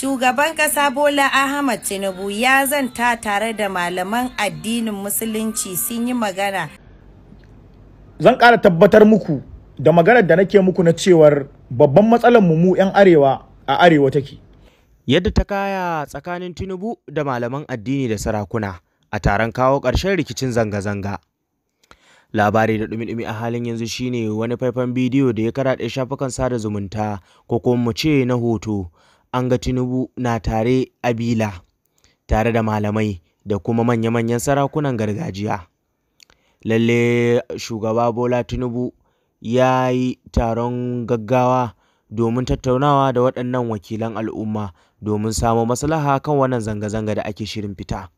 Shugaban ƙasa Bola Ahmad Tinubu ya zanta tare da malaman addinin Musulunci sun yi magana. Zan ƙara tabbatar muku da maganar da nake muku na cewar babban matsalar mu mu 'yan arewa a arewa take. Yadda ta kaya tsakanin Tinubu da malaman addini da sarakuna a taron kawo ƙarshen rikicin zanga-zanga. labari da ɗumi dumi a halin yanzu shine wani faifan bidiyo da ya karaɗe shafukan sada zumunta ko kuma mu ce na hoto an ga Tinubu na tare a Bila tare da malamai da kuma manya-manyan sarakunan gargajiya. Lalle shugaba Bola Tinubu ya yi taron gaggawa domin tattaunawa da waɗannan wakilan al'umma domin samun maslaha kan wannan zanga-zanga da ake shirin fita.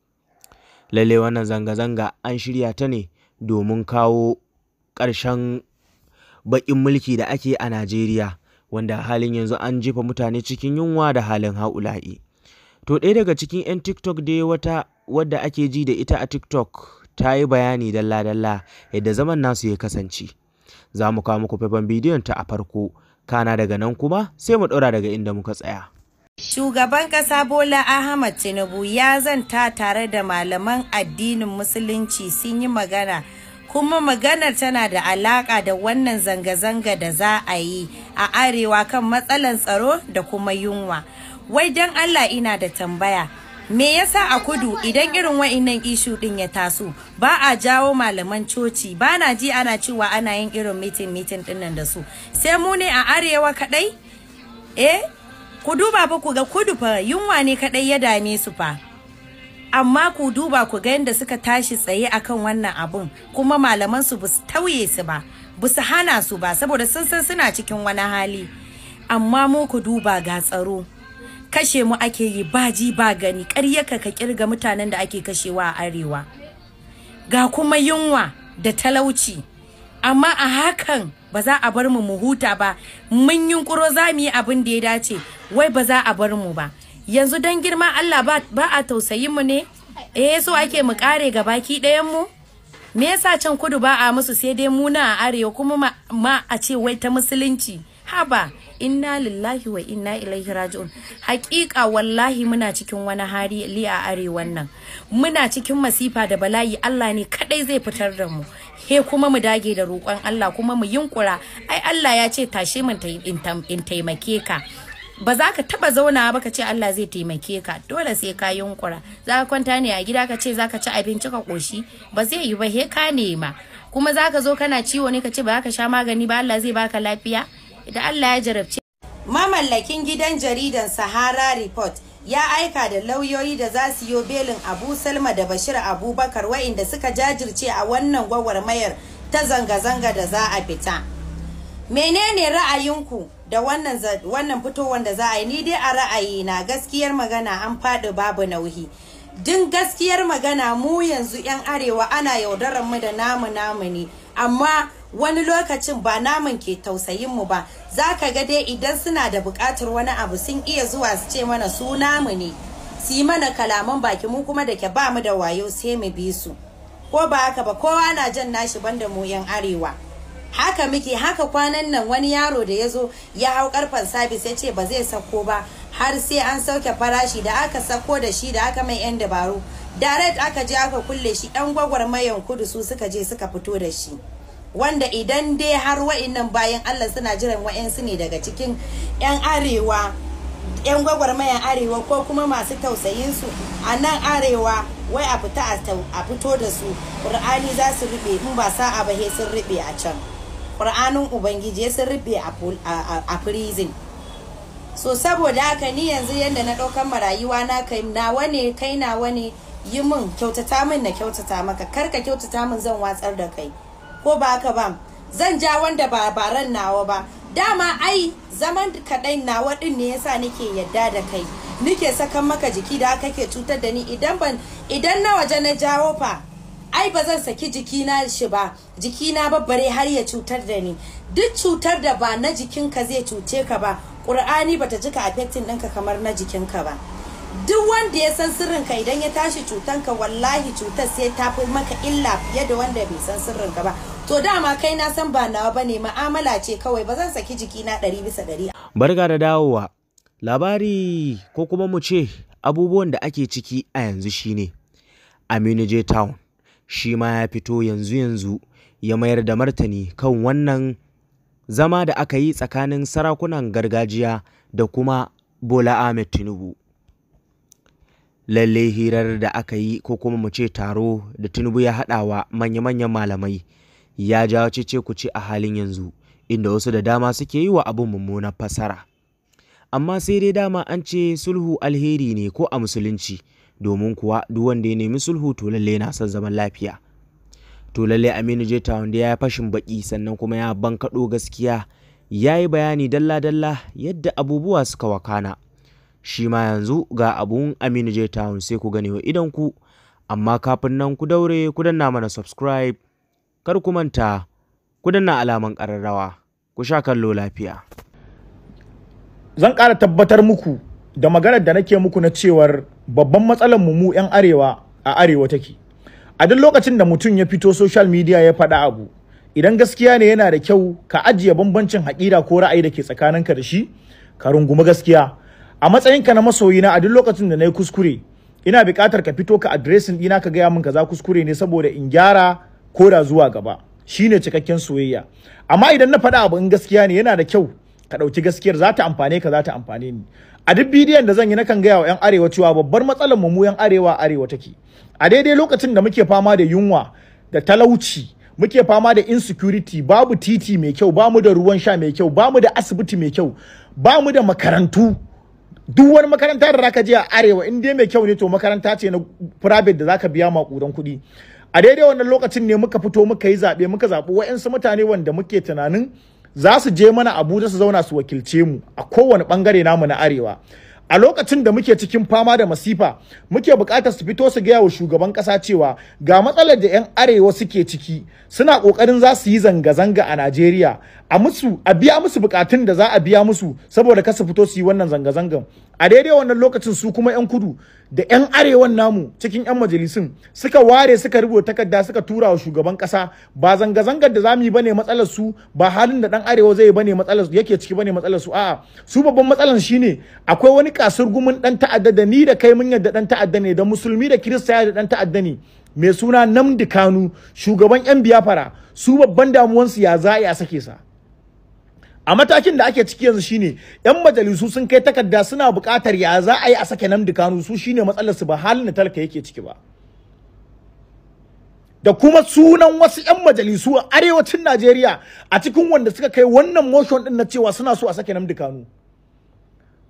Lalle wannan zanga-zanga an shirya ta ne domin kawo ƙarshen baƙin mulki da ake a Najeriya wanda halin yanzu an jefa mutane cikin yunwa da halin ha'ula'i. To ɗaya daga cikin 'yan TikTok dai wata wadda ake ji da ita a TikTok ta yi bayani dalla-dalla yadda zaman nasu ya kasance. Za mu kawo muku faifan bidiyon ta a farko, kana daga nan kuma sai mu ɗora daga inda muka tsaya. Shugaban ƙasa Bola Ahmad Tinubu ya zanta tare da malaman addinin Musulunci sun yi magana kuma maganar tana da alaƙa da wannan zanga-zanga da za a yi a arewa kan matsalan tsaro da kuma yunwa wai don allah ina da tambaya me yasa a kudu idan irin wa'innan ishu din ya taso ba a jawo malaman coci ba na ji ana cewa ana yin irin mitin mitin dinnan da su sai mu ne a arewa kadai eh ku duba ba ku ga kudu fa yunwa ne kadai ya dame su fa amma ku duba ku ga yadda suka tashi tsaye a kan wannan abun kuma malaman su basu tauye su ba basu hana su ba saboda sun san suna cikin wani hali amma mu ku duba ga tsaro kashe mu ake yi ba ji ba gani ƙaryaka ka kirga mutanen da ake kashewa a arewa ga kuma yunwa da talauci amma a hakan ba za a bar mu mu huta ba mun yunkuro za mu yi abin da ya dace wai ba za a bar mu ba yanzu don girma Allah ba a tausayi mu ne eh so ake mu kare ga baki ɗayan mu me yasa can kudu ba a musu sai dai muna a arewa kuma ma, a ce wai ta musulunci haba inna lillahi wa inna ilaihi raji'un hakika wallahi muna cikin wani hari li a arewan nan muna cikin masifa da bala'i Allah ne kadai zai fitar da mu he kuma mu dage da roƙon Allah kuma mu yunkura ai Allah ya ce tashe mun in taimake ka ba za ka taba zauna ba ka ce Allah zai taimake ka dole sai ka yunkura za ka kwanta ne a gida ka ce za ka ci abinci ka koshi ba zai yi ba he ka nema kuma za ka zo kana ciwo ne ka ce ba ka sha magani ba Allah zai baka lafiya idan Allah ya jarabce mamallakin gidan jaridan Sahara Report ya aika da lauyoyi da za su yi belin Abu Salma da Bashir Abubakar wa'inda suka jajirce a wannan gwagwarmayar ta zanga-zanga da za a fita. menene ra'ayinku da wannan wannan fitowar da za a yi ni dai a ra'ayi na gaskiyar magana an faɗi babu nauyi din gaskiyar magana mu yanzu 'yan arewa ana yaudarar mu da namu namu ne amma wani lokacin ba namun ke tausayin mu ba za ka ga dai idan suna da buƙatar wani abu sun iya zuwa su ce mana su namu ne su yi mana kalaman baki mu kuma da ke ba mu da wayo sai mu bi su ko ba haka ba kowa na jan nashi banda mu 'yan arewa haka muke haka kwanan nan wani yaro da ya zo ya hau karfan sabis ya ce ba zai sako ba har sai an sauke farashi da aka sako da shi da aka mai yan dabaru direct aka je aka kulle shi yan gwagwarmayan kudu su suka je suka fito da shi wanda idan dai har wa'innan bayan allah suna jiran wa'insu ne daga cikin yan arewa yan gwagwarmayan arewa ko kuma masu tausayin su a nan arewa wai a fita a fito da su ƙur'ani za su rube in ba sa'a ba sun rube a can ƙur'anin ubangiji sun rufe a prison so saboda haka ni yanzu yadda na ɗaukar marayuwa na kai nawa ne kai nawa ne yi min kyautata min na kyautata maka karka kyautata min zan watsar da kai ko ba ka ba zan ja wanda ba baran nawa ba dama ai zaman kaɗai nawa ɗin ne yasa nike yadda da kai nike sakan maka jiki da haka ke cutar da ni idan ban idan na waje na jawo fa ai ba zan saki jikina shi ba jikina babbare har ya cutar da ni duk cutar da ba na jikinka zai cuce ka ba ƙur'ani bata jika affecting ɗinka kamar na jikinka ba duk wanda ya san sirrinka idan ya tashi cutanka wallahi cutar sai ta fi maka illa fiye da wanda bai san sirrinka ba to dama kai na san ba nawa ne ma'amala ce kawai ba zan saki jikina ɗari bisa ɗari. barka da dawowa labari ko kuma mu ce abubuwan da ake ciki a yanzu shine aminu j town shi ma ya fito yanzu-yanzu ya mayar da martani kan wannan zama da aka yi tsakanin sarakunan gargajiya da kuma Bola Ahmed Tinubu. Lalle hirar da aka yi ko kuma mu ce taro da Tinubu ya haɗawa manya-manyan malamai ya jawo cece ku ce a halin yanzu inda wasu da dama suke yi wa abin mummunar fasara. Amma sai dai dama an ce sulhu alheri ne ko a musulunci. domin kuwa duk wanda ya nemi sulhu to lalle yana son zaman lafiya to lalle Aminu Jeta wanda ya fashin baki sannan kuma ya bankaɗo gaskiya ya yi bayani dalla-dalla yadda abubuwa suka wakana shi ma yanzu ga abun Aminu Jeta sai ku gane wa idan ku amma kafin nan ku daure ku danna mana subscribe kar ku manta ku danna alaman ƙararrawa ku sha kallo lafiya zan ƙara tabbatar muku da maganar da nake muku na cewar babban matsalar mu mu yan arewa a arewa take a duk lokacin da mutum ya fito social media ya faɗa abu idan gaskiya ne yana da kyau ka ajiye bambancin haƙira ko ra'ayi da ke tsakaninka da shi ka rungumi gaskiya a matsayinka na masoyina a duk lokacin da na yi kuskure ina buƙatar ka fito ka adiresin ɗina ka gaya min kaza kuskure ne saboda in gyara ko da zuwa gaba shine cikakken soyayya amma idan na faɗa abu in gaskiya ne yana da kyau ka ɗauki gaskiyar za ta amfane ka za ta amfane ni a duk bidiyon da zan yi nakan gaya wa 'yan arewa cewa babbar matsalar mu 'yan arewa arewa take a daidai lokacin da muke fama da yunwa da talauci muke fama da insecurity babu titi mai kyau bamu da ruwan sha mai kyau bamu da asibiti mai kyau bamu da makarantu duk wani makaranta da zaka je a arewa in dai mai kyau ne to makaranta ce na private da zaka biya makudan kuɗi a daidai wannan lokacin ne muka fito muka yi zaɓe muka zaɓi wa'yansu mutane wanda muke tunanin za su je mana abuja su zauna su wakilce mu a kowane bangare namu na arewa a lokacin da muke cikin fama da masifa muke bukatar su fito su gaya wa shugaban ƙasa cewa ga matsalar da 'yan arewa suke ciki suna kokarin za su yi zanga-zanga a najeriya a musu a biya musu bukatun da za a biya musu saboda kasa fito su yi wannan zanga-zangan a daidai wannan lokacin su kuma 'yan kudu da 'yan arewan namu cikin 'yan majalisun suka ware suka rubuta takarda suka tura wa shugaban kasa ba zanga-zangar da zamu yi bane matsalar su ba halin da dan arewa zai bane matsalar su yake ciki bane matsalar su a'a su babban matsalar shine akwai wani kasar gumin dan ta'adda da ni da kai mun yadda dan ta'adda ne da musulmi da kirista da dan ta'adda ne mai suna Namdi Kanu shugaban 'yan biyafara su babban damuwansu ya za ya sake sa a matakin da ake ciki yanzu shine yan majalisu sun kai takarda suna bukatar ya za a yi a sake Namdi Kanu su shine matsalar su ba halin da talaka yake ciki ba da kuma sunan wasu yan majalisu a arewacin Najeriya a cikin wanda suka kai wannan motion din na cewa suna so a sake Namdi Kanu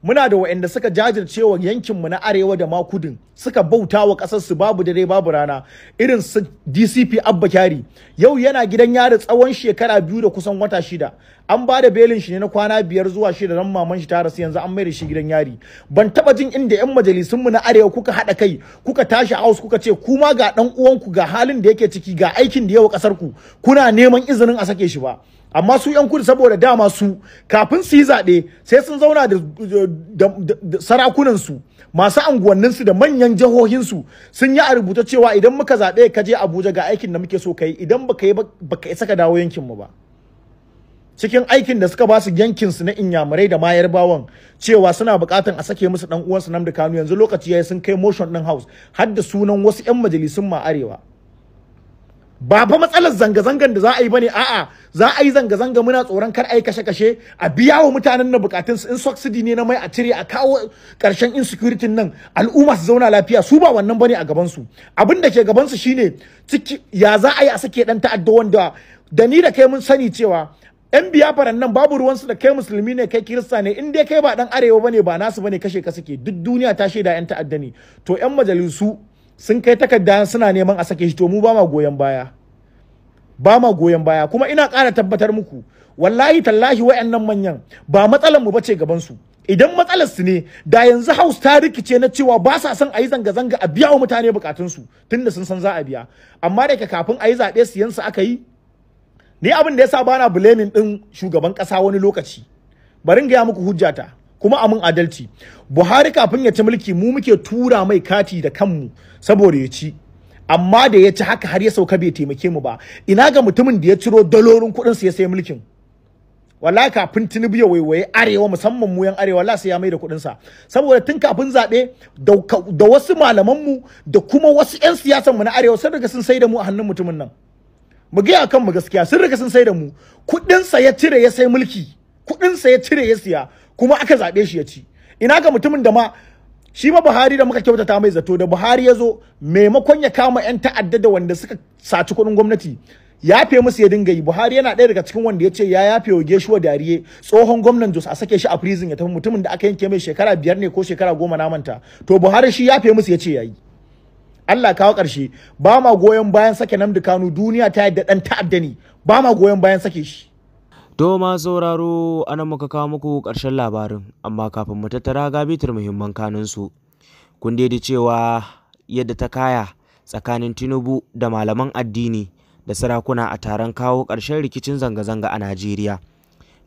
muna da waɗanda suka jajircewa yankin yankinmu na arewa da ma kudin suka bauta wa ƙasar su babu dare babu rana irin su DCP Abba Kyari yau yana gidan yari tsawon shekara biyu da kusan wata shida an ba da belin shi ne na kwana biyar zuwa shida don maman shi ta rasu yanzu an da shi gidan yari ban taba jin inda yan majalisunmu na arewa kuka haɗa kai kuka tashi house kuka ce kuma ga ɗan uwanku ga halin da yake ciki ga aikin da yawa ƙasar ku kuna neman izinin a sake shi ba amma su yan kudu saboda dama su kafin su yi zaɓe sai sun zauna da sarakunansu masu anguwanninsu da manyan jihohinsu sun yi a rubuta cewa idan muka zaɓe ka je abuja ga aikin da muke so ka yi idan baka yi baka isa ka dawo yankinmu ba cikin aikin da suka ba su yankinsu na inyamurai da mayar bawan cewa suna bukatan a sake musu dan uwansu namdi kanu yanzu lokaci yayi sun kai motion din house har da sunan wasu yan majalisun ma arewa ba fa matsalar zanga-zangan da za a yi bane a'a za a yi zanga-zanga muna tsoron kar ai kashe-kashe a biya wa mutanen na bukatun su in subsidy ne na mai a cire a kawo karshen insecurity nan al'umma su zauna lafiya su ba wannan bane a gaban su abin da ke gaban su shine ciki ya za a yi a sake dan ta'adda wanda da ni da kai mun sani cewa yan biyafaran nan babu ruwan su da kai musulmi ne kai kirista ne in dai kai ba dan arewa bane ba nasu bane kashe ka suke duk duniya ta shaida yan ta'adda ne to yan majalisu sun kai takarda suna neman a sake shi to mu ba ma goyon baya ba ma goyon baya kuma ina ƙara tabbatar muku wallahi tallahi wayannan manyan ba matsalar mu bace gaban su idan matsalar su ne da yanzu house ta rikice na cewa ba sa son a yi zanga-zanga a biya wa mutane su tunda sun san za a biya amma da kafin a yi zaɓe siyansa aka yi ni abin da yasa bana blaming din shugaban ƙasa wani lokaci bari in gaya muku hujjata kuma amin adalci buhari kafin ya ci mulki mu muke tura mai kati da kanmu saboda ya ci amma da ya ci haka har ya sauka bai taimake mu ba ina ga mutumin da ya ciro dalorin kuɗin su ya sai mulkin wallahi kafin tinubu ya waiwaye arewa musamman mu yan arewa wallahi sai ya mai da kuɗin sa saboda tun kafin zaɓe da wasu malaman mu da kuma wasu yan siyasan mu na arewa sun riga sun sai da mu a hannun mutumin nan mu ga kan mu gaskiya sun riga sun sai da mu kuɗin sa ya cire ya sai mulki kuɗin sa ya cire ya siya kuma aka zaɓe shi ya ci ina ga mutumin da ma shi ma Buhari da muka kyautata mai zato da Buhari ya zo maimakon ya kama 'yan ta'adda da wanda suka saci kuɗin gwamnati yafe musu ya dinga yi Buhari yana ɗaya daga cikin wanda ya ce ya yafe wa Geshuwa Dariye tsohon gwamnan Jos a sake shi a prison ya tafi mutumin da aka yanke mai shekara biyar ne ko shekara goma na manta to Buhari shi yafe musu ya ce ya yi Allah kawo ƙarshe ba ma goyon bayan sake Namdi Kanu duniya ta yadda ɗan ta'adda ne ba ma goyon bayan sake shi To ma sauraro nan muka kawo muku ƙarshen labarin amma kafin mu tattara ga bitar muhimman kanunsu. Kun daidai cewa yadda ta kaya tsakanin Tinubu da malaman addini da sarakuna a taron kawo ƙarshen rikicin zanga-zanga a Najeriya.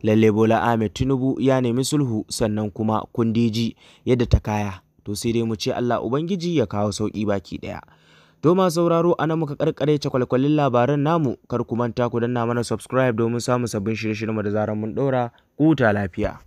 Lalle Bola Ahmed Tinubu ya nemi sulhu sannan kuma kundiji yadda ta kaya. To sai dai mu ce Allah Ubangiji ya kawo sauƙi baki ɗaya. Doma sauraro a nan muka karkare cakwalkwalin labaran namu kar ku manta ku danna mana subscribe domin samun sabbin shirye-shiryenmu da zarar mun ɗora. ta lafiya.